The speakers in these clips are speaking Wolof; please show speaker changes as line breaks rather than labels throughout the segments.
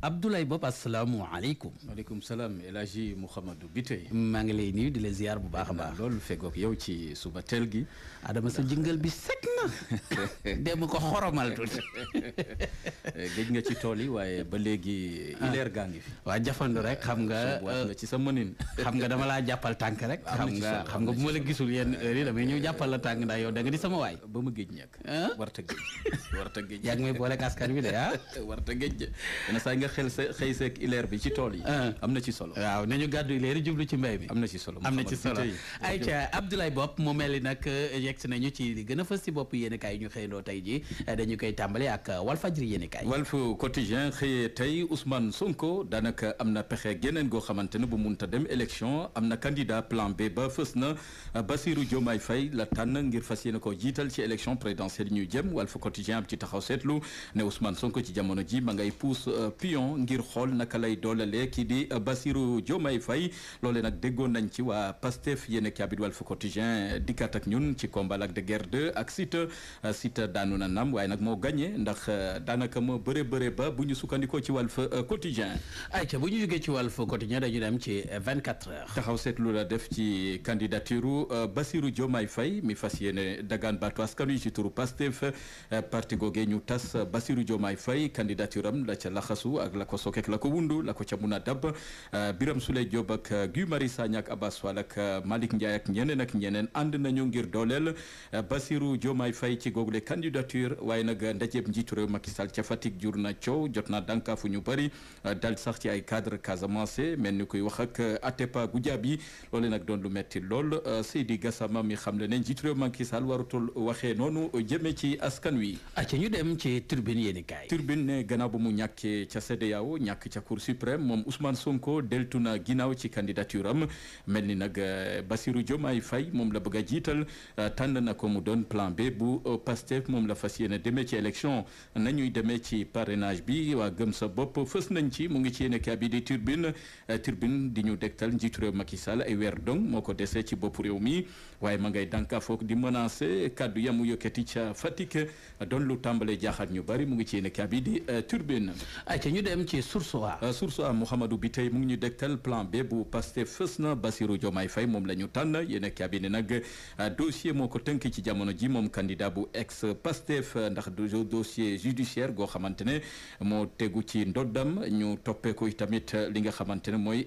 Abdoulaye Bob asalaamualeykum. waaleykum salaam El Hadji Mouhamadou Biteye. maa ngi lay nuyu di la ziar bu baax a baax. loolu feggoog yow ci suba teel gi. Adama sa jingal bi sekk na. dem ko xoromal tuuti. géej nga ci tool yi waaye ba léegi. Ah. ileer gaa ngi fi. waa jafandu rek xam nga. nga ci sa mënin. xam nga dama laa jàppal tànk rek. xam nga xam nga bu ma la gisul yenn heure ñëw jàppal la tànk ndax yow da di sama waay. ba ma géej ñàkk. Ah? warta géej warta géej. yaa ngi may boole wi de ah?
xel sa xëy seeg ileer bi ci tool yi. Ah. am na ci solo waaw nañu gàddu ileer yi jublu ci mbay bi. am na ci solo am na ci solo ayca
Abdoulaye Bopp mu mel ni nag eh, ci li gën a fës ci bopp yéenekaay yi ñu xëyandoo tey ji eh, dañu koy tàmbale ak Walfadjri yéenekaay.
Walf Quotidien xëyee tey Ousmane Sonko daanaka am na pexe geneen goo xamante ne bu munta dem élection am na candidat plan B ba fës na Bassirou Diomaye Faye la tànn ngir fas yéene koo jiital ci élection présidentielle ñuy jëm Walf Quotidien am ci taxaw seetlu ne Ousmane Sonko ci jamono ji ma ngay pousse eh, pion mission ngir xool naka lay doolale kii di Bassirou Diomaye Faye loole nag déggoon nañ ci waa Pastef yéen ki abit Walf Quotidien dikkaat ak ñun ci combat Lac de Guiers 2 ak Siteu Siteu daanu na nam waaye nag moo gagné ndax daanaka moo bëre bëre ba bu ñu sukkandikoo ci wall Walf euh, Quotidien ayca bu ñu jógee ci Walf Quotidien dañu dem ci 24 euh, heures taxaw seetlu la def ci candidature euh, Bassirou Diomaye Faye mi fas yéene dagaan baatu askan wi ci turu Pastef parti googee ñu tas Bassirou Diomaye Faye candidature am la ca laxasu ak la ko Sokek la ko Wundu la ko Camuna Dab eh, Biram Souley Diop ak eh, Guy Marius Sagna ak Abass Fall ak eh, Malick Ndiaye ak ñeneen ak ñeneen ànd nañu ngir dooleel Bassirou Diomaye fay ci googule candidature waaye nag ndajeeb njiitu réew Macky Sall ca Fatick jur na coow jot naa dànkaafu ñu bari dal sax ci ay cadre Casamance mel ni kuy wax ak Atepa yi loole nag doon lu metti lool Seydi Gassama mi xam le ne njiitu réew Macky waxee noonu jeme ci askan wi. acca ñu dem ci turbine CEDEAO ñàkk ca cour suprême moom Ousmane Sonko deltu na ginnaaw ci candidature am mel ni nag euh, basiru jom ay fay moom la bëgg a jiital euh, tànn na ko mu doon plan B bu euh, Pastef moom la fas yéene demee ci élection nañuy demee ci parrainage bi waa gëm sa bopp fës nañ ci mu ngi ci yéene kaabi di turbine turbine di ñu degtal njiitu réew Macky Sall ay weer dong moo ko desee ci boppu réew mi waaye ma ngay dànka foog di menacer kaddu yamu yokkati ca Fatick doon lu tàmbalee jaaxal ñu bari mu ngi ci yéene kaabi di turbine dem ci source a euh, source a Mouhamadou bi tey mu ngi ñu dégtal plan B bu Pastef fës na Bassirou Diomaye moom la ñu tànn yéena cabinet nag euh, dossier moo ko tënk ci jamono ji moom candidat bu ex Pastef euh, ndax dossier judiciaire goo xamante ne moo tegu ci ndoddam ñu toppee ko tamit li nga xamante ne mooy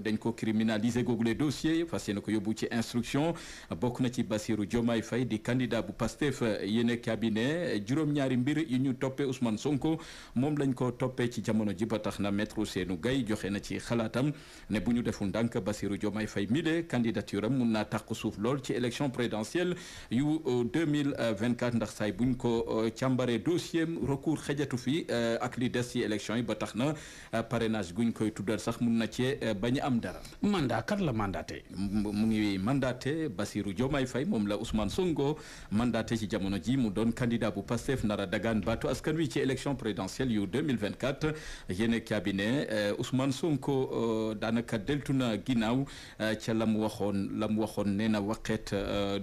dañ ko criminaliser googu les dossiers fas yéene ko yóbbu ci instruction bokk na ci Bassirou Diomaye fay di candidat bu Pastef yéena cabinet juróom-ñaari mbir yi ñu toppee Ousmane Sonko moom lañ ko toppee ci jamono jamono ji na maître Ousseynou Gaye joxe na ci xalaatam ne bu ñu deful ndànk Bassirou Diomaye Faye mi de candidature am mun naa taq suuf lool ci élection présidentielle yu 2024 euh, ndax saay buñ ko euh, càmbaree dossier recours xejatu fi euh, ak li des ci élection yi ba tax na parrainage guñ koy tuddal sax mun na cee bañ am dara. mandat la mandaté. mu ngi mandaté Bassirou Diomaye Faye moom la Ousmane Sonko mandaté ci jamono ji mu doon candidat bu Pastef nara dagaan baatu askan wi ci élection présidentielle yu 2024 yéen cabinet euh, Ousmane Sonko euh, daanaka deltu na ginnaaw euh, ca la mu waxoon la mu waxoon nee na waqeet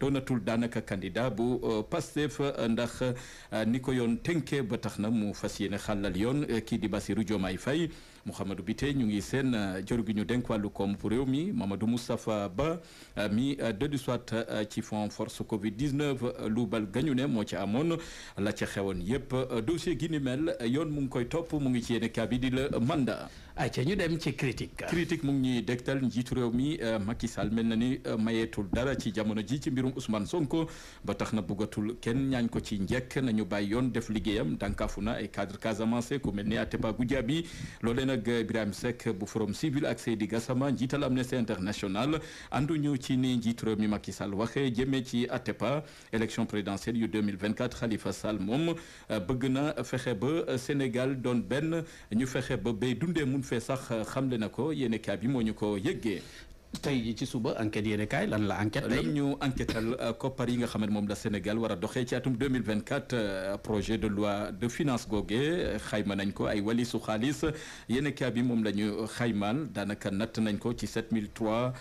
doonatul daanaka candidat bu Pastef ndax ni ko yoon tenkee ba tax na mu fas yéene xàllal yoon kii di Bassirou Diomaye fay Mouhamadou Bité ñu ngi seen euh, jëru gi ñu dénk wàllu koom pour réew mi Mamadou Moustapha Ba euh, mi euh, de dellu soit ci fond force Covid 19 lu bal gañu ne moo ci amoon la ca xewoon yëpp dossier gi ni mel yoon mu ngi koy topp mu ngi ci yéen a di la mandat. ayca ñu dem ci critique critique mu ngi ñuy dégtal njiitu réew mi euh, Macky Sall mel na ni euh, mayeetul dara ci jamono ji ci mbirum Ousmane Sonko ba tax na bëggatul kenn ñaañ ko ci njekk nañu bàyyi yoon def liggéeyam dànkaafu na ay cadre Casamance ku mel ni Atepa Goudiaby loolee nag euh, Birahim Seck bu Forum Civil ak Seydi Gassama njiital Amnesty International ànduñu ci ni njiitu réew mi Macky Sall waxee jëmee ci Atepa élection présidentielle yu 2024 Khalifa Sall moom bëgg na fexe ba Sénégal doon benn ñu fexe ba bay dundee Mansour Faye sax euh, xamle na ko yéen kaay bi moo ñu ko yëggee. tey jii ci suba enquête yéen kaay lan la enquête tey ñu enquêtal euh, koppar yi nga xam moom la Sénégal war a doxee ci atum 2024 euh, projet de loi de finance googe xayma nañ ko ay walisu xaalis yéen kaay bi moom la ñu xaymaal daanaka natt nañ ko ci 7003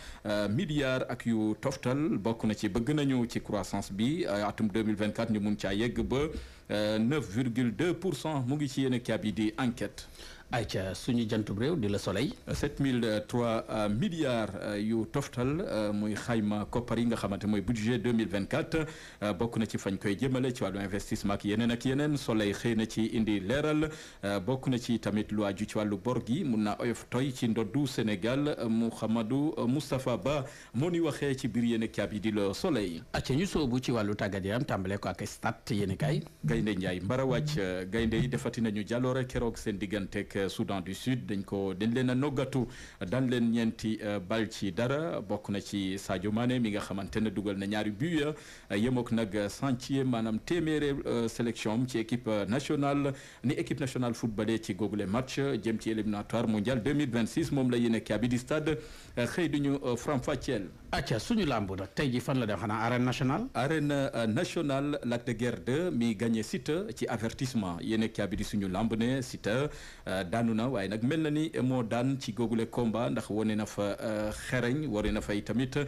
milliards ak yu toftal bokk na ci bëgg nañu ci croissance bi atum 2024 ñu mun caa yegg ba 9 virgule 2 pour cent mu ngi ci yéen kaay bi di enquête ay ca suñu jantub réew di la soleil. 7003 euh, milliards euh, yu toftal euh, muy xayma koppar yi nga xamante mooy budget 2024 bokk na ci fañ koy jëmale ci wàllu investissement yeneen ak yeneen soleil xëy na ci indi leeral bokk na ci tamit lu aju ci wàllu bor gi mun naa oyof toy ci ndoddu Sénégal Mouhamadou Moustapha Ba moo ni waxee ci biir yéen yi di la soleil. acca ñu soobu ci wàllu tàggat yaram tàmbale ko ak stade yéen kaay. Gaynde Ndiaye Mbarawacc gaynde yi defati nañu jàlloore keroog seen digganteeg. ak euh, Soudan du Sud dañ ko dañ leen a noggatu daan leen ñeenti euh, bal ci dara bokk na ci Sadio Mané mi nga xamante ne dugal na ñaari but ya euh, yemook nag centième maanaam téeméeri sélection am ci équipe nationale ni équipe nationale footballée ci googule match jëm ci éliminatoire mondial 2026 moom la yéene kaabi di stade xëy duñu faram-fàcceel acca suñu làmb nag tey jii fan la dem xanaa arène nationale arène euh, nationale Lac de Guiers 2 mi gagné Siteu ci avertissement yéen ak bi di suñu làmb ne Siteu euh, daanu na waaye nag mel na ni moo daan ci googule combat ndax wane na fa euh, xereñ wane na fay tamit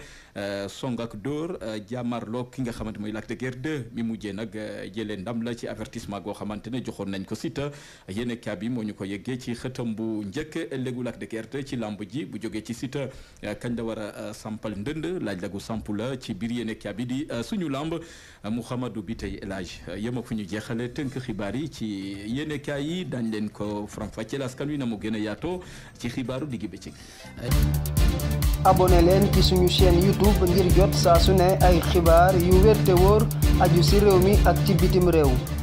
song ak dóor jàmmarloo ki nga xamante mooy Lac de Guiers 2 mi mujjee nag jëlee ndam la ci avertissement goo xamante ne joxoon nañ ko Siteu yéen ak bi moo ñu ko yeggee ci xëtam bu njëkk léegu Lac de Guiers 2 ci làmb ji bu jógee ci Siteu kañ a sampal bind laaj la gu la ci biir yéen bi di euh, suñu lamb euh, Mouhamadou bi tey laaj euh, yema fu ñu jeexale tënk xibaar yi ci yéen a yi dañ leen ko faram-fàcceel askan wi na mu gën a yaatoo ci xibaaru digg bëccëg.
abonné leen ci suñu
chaîne YouTube ngir jot saa su ne ay xibaar yu wér te wóor aju si réew mi ak ci bitim réew.